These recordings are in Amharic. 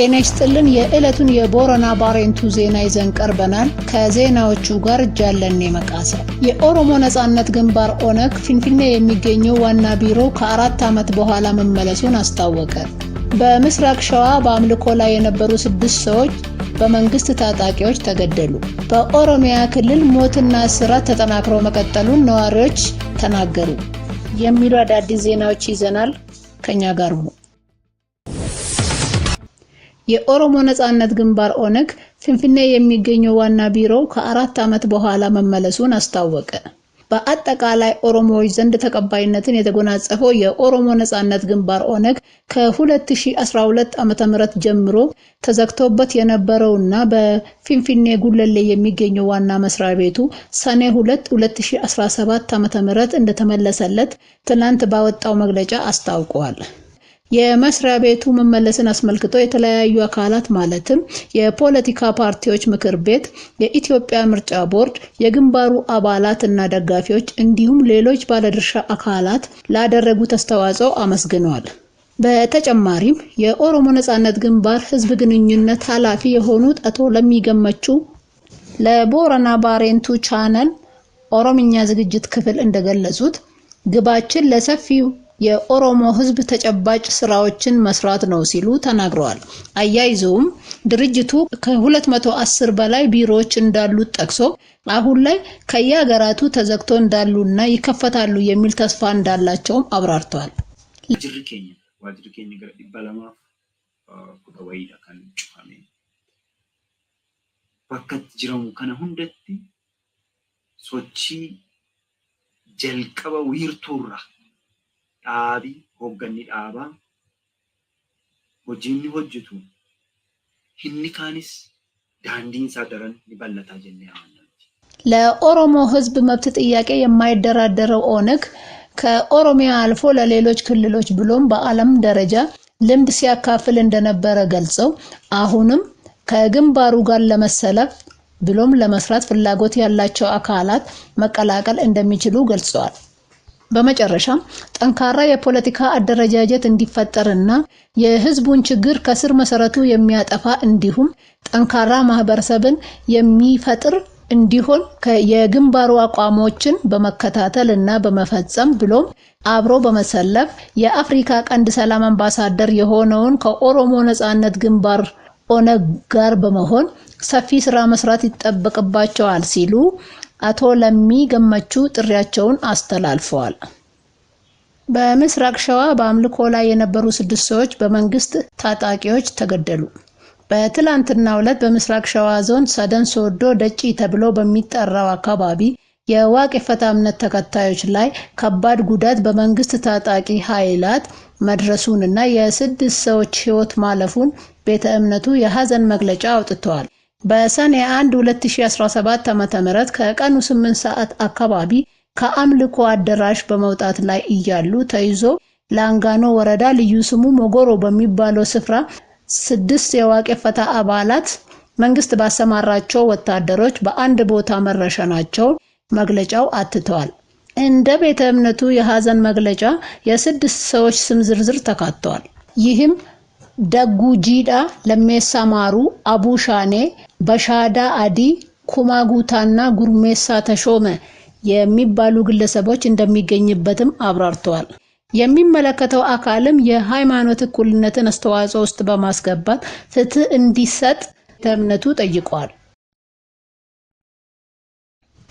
ጤና ይስጥልን። የዕለቱን የቦረና ባሬንቱ ዜና ይዘን ቀርበናል። ከዜናዎቹ ጋር እጃለን መቃሰ። የኦሮሞ ነጻነት ግንባር ኦነግ ፊንፊኔ የሚገኘው ዋና ቢሮ ከአራት ዓመት በኋላ መመለሱን አስታወቀ። በምስራቅ ሸዋ በአምልኮ ላይ የነበሩ ስድስት ሰዎች በመንግስት ታጣቂዎች ተገደሉ። በኦሮሚያ ክልል ሞትና እስራት ተጠናክሮ መቀጠሉን ነዋሪዎች ተናገሩ። የሚሉ አዳዲስ ዜናዎች ይዘናል። ከእኛ ጋር ሁኑ። የኦሮሞ ነጻነት ግንባር ኦነግ ፊንፊኔ የሚገኘው ዋና ቢሮ ከአራት ዓመት በኋላ መመለሱን አስታወቀ። በአጠቃላይ ኦሮሞዎች ዘንድ ተቀባይነትን የተጎናጸፈው የኦሮሞ ነጻነት ግንባር ኦነግ ከ2012 ም ጀምሮ ተዘግቶበት የነበረውና በፊንፊኔ ጉለሌ የሚገኘው ዋና መስሪያ ቤቱ ሰኔ 2 2017 ዓ.ም እንደተመለሰለት ትናንት ባወጣው መግለጫ አስታውቋል። የመስሪያ ቤቱ መመለስን አስመልክቶ የተለያዩ አካላት ማለትም የፖለቲካ ፓርቲዎች ምክር ቤት፣ የኢትዮጵያ ምርጫ ቦርድ፣ የግንባሩ አባላት እና ደጋፊዎች እንዲሁም ሌሎች ባለድርሻ አካላት ላደረጉት አስተዋጽኦ አመስግነዋል። በተጨማሪም የኦሮሞ ነጻነት ግንባር ህዝብ ግንኙነት ኃላፊ የሆኑት አቶ ለሚገመቹ ለቦረና ባሬንቱ ቻነል ኦሮምኛ ዝግጅት ክፍል እንደገለጹት ግባችን ለሰፊው የኦሮሞ ህዝብ ተጨባጭ ስራዎችን መስራት ነው ሲሉ ተናግረዋል። አያይዘውም ድርጅቱ ከ210 በላይ ቢሮዎች እንዳሉት ጠቅሶ አሁን ላይ ከየሀገራቱ ተዘግቶ እንዳሉና ይከፈታሉ የሚል ተስፋ እንዳላቸውም አብራርተዋል። ሶቺ ጀልቀበ ውይርቱራ dhaabii hoogganni dhaabaa hojiin ni hojjetu hinni kaanis daandiin isaa daran ni bal'ataa jennee ለኦሮሞ ህዝብ መብት ጥያቄ የማይደራደረው ኦነግ ከኦሮሚያ አልፎ ለሌሎች ክልሎች ብሎም በዓለም ደረጃ ልምድ ሲያካፍል እንደነበረ ገልጸው አሁንም ከግንባሩ ጋር ለመሰለፍ ብሎም ለመስራት ፍላጎት ያላቸው አካላት መቀላቀል እንደሚችሉ ገልጸዋል። በመጨረሻም ጠንካራ የፖለቲካ አደረጃጀት እንዲፈጠርና የህዝቡን ችግር ከስር መሰረቱ የሚያጠፋ እንዲሁም ጠንካራ ማህበረሰብን የሚፈጥር እንዲሆን የግንባሩ አቋሞችን በመከታተል እና በመፈጸም ብሎም አብሮ በመሰለፍ የአፍሪካ ቀንድ ሰላም አምባሳደር የሆነውን ከኦሮሞ ነጻነት ግንባር ኦነግ ጋር በመሆን ሰፊ ስራ መስራት ይጠበቅባቸዋል ሲሉ አቶ ለሚ ገመቹ ጥሪያቸውን አስተላልፈዋል። በምስራቅ ሸዋ በአምልኮ ላይ የነበሩ ስድስት ሰዎች በመንግስት ታጣቂዎች ተገደሉ። በትላንትናው ዕለት በምስራቅ ሸዋ ዞን ሰደን ሶዶ ደጪ ተብሎ በሚጠራው አካባቢ የዋቅ የፈታ እምነት ተከታዮች ላይ ከባድ ጉዳት በመንግስት ታጣቂ ኃይላት መድረሱንና የስድስት ሰዎች ህይወት ማለፉን ቤተ እምነቱ የሀዘን መግለጫ አውጥተዋል። በሰኔ 1 2017 ዓ.ም ከቀኑ 8 ሰዓት አካባቢ ከአምልኮ አዳራሽ በመውጣት ላይ እያሉ ተይዞ ላንጋኖ ወረዳ ልዩ ስሙ ሞጎሮ በሚባለው ስፍራ ስድስት የዋቄ ፈታ አባላት መንግስት ባሰማራቸው ወታደሮች በአንድ ቦታ መረሸናቸው መግለጫው አትተዋል። እንደ ቤተ እምነቱ የሐዘን መግለጫ የስድስት ሰዎች ስም ዝርዝር ተካተዋል። ይህም ደጉ ጂዳ፣ ለሜሳማሩ፣ አቡ ሻኔ፣ በሻዳ አዲ፣ ኩማ ጉታ እና ጉርሜሳ ተሾመ የሚባሉ ግለሰቦች እንደሚገኝበትም አብራርተዋል። የሚመለከተው አካልም የሃይማኖት እኩልነትን አስተዋጽኦ ውስጥ በማስገባት ፍትህ እንዲሰጥ ተምነቱ ጠይቋል።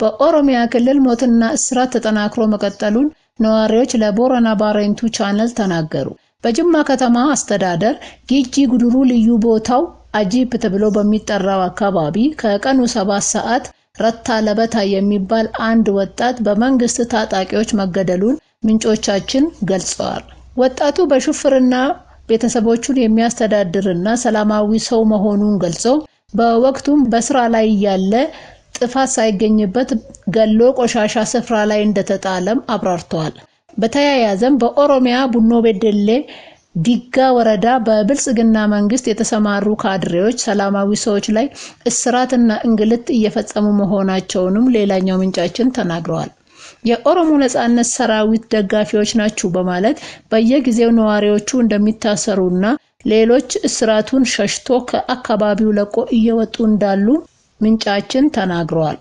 በኦሮሚያ ክልል ሞትና እስራት ተጠናክሮ መቀጠሉን ነዋሪዎች ለቦረና ባሬንቱ ቻነል ተናገሩ። በጅማ ከተማ አስተዳደር ጊጂ ጉድሩ ልዩ ቦታው አጂፕ ተብሎ በሚጠራው አካባቢ ከቀኑ ሰባት ሰዓት ረታ ለበታ የሚባል አንድ ወጣት በመንግስት ታጣቂዎች መገደሉን ምንጮቻችን ገልጸዋል። ወጣቱ በሹፍርና ቤተሰቦቹን የሚያስተዳድርና ሰላማዊ ሰው መሆኑን ገልጾ በወቅቱም በስራ ላይ ያለ ጥፋት ሳይገኝበት ገሎ ቆሻሻ ስፍራ ላይ እንደተጣለም አብራርተዋል። በተያያዘም በኦሮሚያ ቡኖ ቤደሌ ዲጋ ወረዳ በብልጽግና መንግስት የተሰማሩ ካድሬዎች ሰላማዊ ሰዎች ላይ እስራትና እንግልት እየፈጸሙ መሆናቸውንም ሌላኛው ምንጫችን ተናግረዋል። የኦሮሞ ነጻነት ሰራዊት ደጋፊዎች ናችሁ በማለት በየጊዜው ነዋሪዎቹ እንደሚታሰሩና ሌሎች እስራቱን ሸሽቶ ከአካባቢው ለቆ እየወጡ እንዳሉ ምንጫችን ተናግረዋል።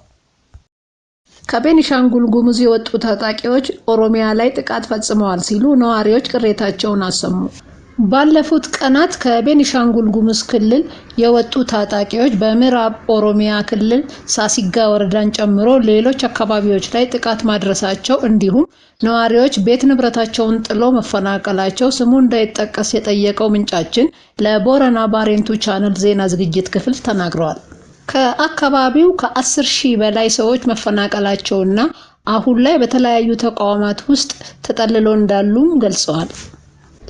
ከቤኒሻንጉል ጉሙዝ የወጡ ታጣቂዎች ኦሮሚያ ላይ ጥቃት ፈጽመዋል ሲሉ ነዋሪዎች ቅሬታቸውን አሰሙ። ባለፉት ቀናት ከቤኒሻንጉል ጉሙዝ ክልል የወጡ ታጣቂዎች በምዕራብ ኦሮሚያ ክልል ሳሲጋ ወረዳን ጨምሮ ሌሎች አካባቢዎች ላይ ጥቃት ማድረሳቸው እንዲሁም ነዋሪዎች ቤት ንብረታቸውን ጥሎ መፈናቀላቸው ስሙ እንዳይጠቀስ የጠየቀው ምንጫችን ለቦረና ባሬንቱ ቻነል ዜና ዝግጅት ክፍል ተናግረዋል። ከአካባቢው ከአስር ሺህ በላይ ሰዎች መፈናቀላቸውና አሁን ላይ በተለያዩ ተቋማት ውስጥ ተጠልሎ እንዳሉም ገልጸዋል።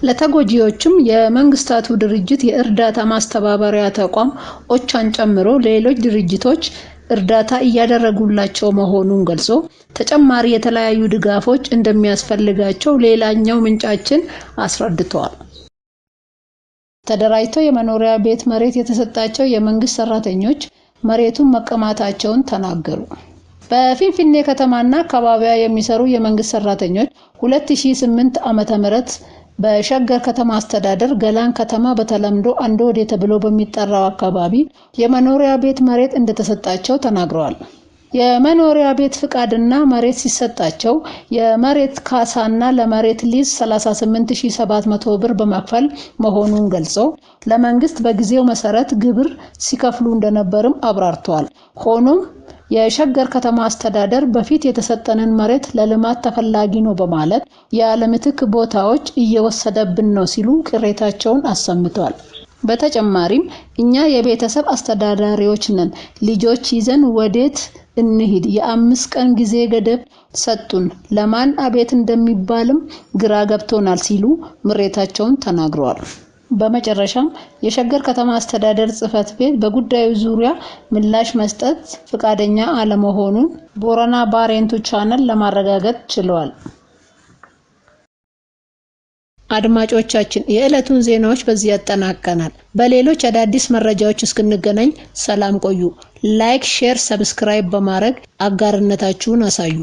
ለተጎጂዎችም የመንግስታቱ ድርጅት የእርዳታ ማስተባበሪያ ተቋም ኦቻን ጨምሮ ሌሎች ድርጅቶች እርዳታ እያደረጉላቸው መሆኑን ገልጾ ተጨማሪ የተለያዩ ድጋፎች እንደሚያስፈልጋቸው ሌላኛው ምንጫችን አስረድተዋል። ተደራጅተው የመኖሪያ ቤት መሬት የተሰጣቸው የመንግስት ሰራተኞች መሬቱን መቀማታቸውን ተናገሩ። በፊንፊኔ ከተማና አካባቢዋ የሚሰሩ የመንግስት ሰራተኞች 2008 ዓ.ም በሸገር ከተማ አስተዳደር ገላን ከተማ በተለምዶ ወዴ ተብሎ በሚጠራው አካባቢ የመኖሪያ ቤት መሬት እንደተሰጣቸው ተናግረዋል። የመኖሪያ ቤት ፍቃድና መሬት ሲሰጣቸው የመሬት ካሳና ለመሬት ሊዝ 38700 ብር በመክፈል መሆኑን ገልጾ ለመንግስት በጊዜው መሰረት ግብር ሲከፍሉ እንደነበርም አብራርተዋል። ሆኖም የሸገር ከተማ አስተዳደር በፊት የተሰጠንን መሬት ለልማት ተፈላጊ ነው በማለት የአለምትክ ቦታዎች እየወሰደብን ነው ሲሉ ቅሬታቸውን አሰምቷል። በተጨማሪም እኛ የቤተሰብ አስተዳዳሪዎች ነን፣ ልጆች ይዘን ወዴት እንሂድ? የአምስት ቀን ጊዜ ገደብ ሰጡን፣ ለማን አቤት እንደሚባልም ግራ ገብቶናል ሲሉ ምሬታቸውን ተናግረዋል። በመጨረሻም የሸገር ከተማ አስተዳደር ጽህፈት ቤት በጉዳዩ ዙሪያ ምላሽ መስጠት ፈቃደኛ አለመሆኑን ቦረና ባሬንቱ ቻነል ለማረጋገጥ ችሏል። አድማጮቻችን የዕለቱን ዜናዎች በዚህ ያጠናቀናል። በሌሎች አዳዲስ መረጃዎች እስክንገናኝ ሰላም ቆዩ። ላይክ፣ ሼር፣ ሰብስክራይብ በማድረግ አጋርነታችሁን አሳዩ።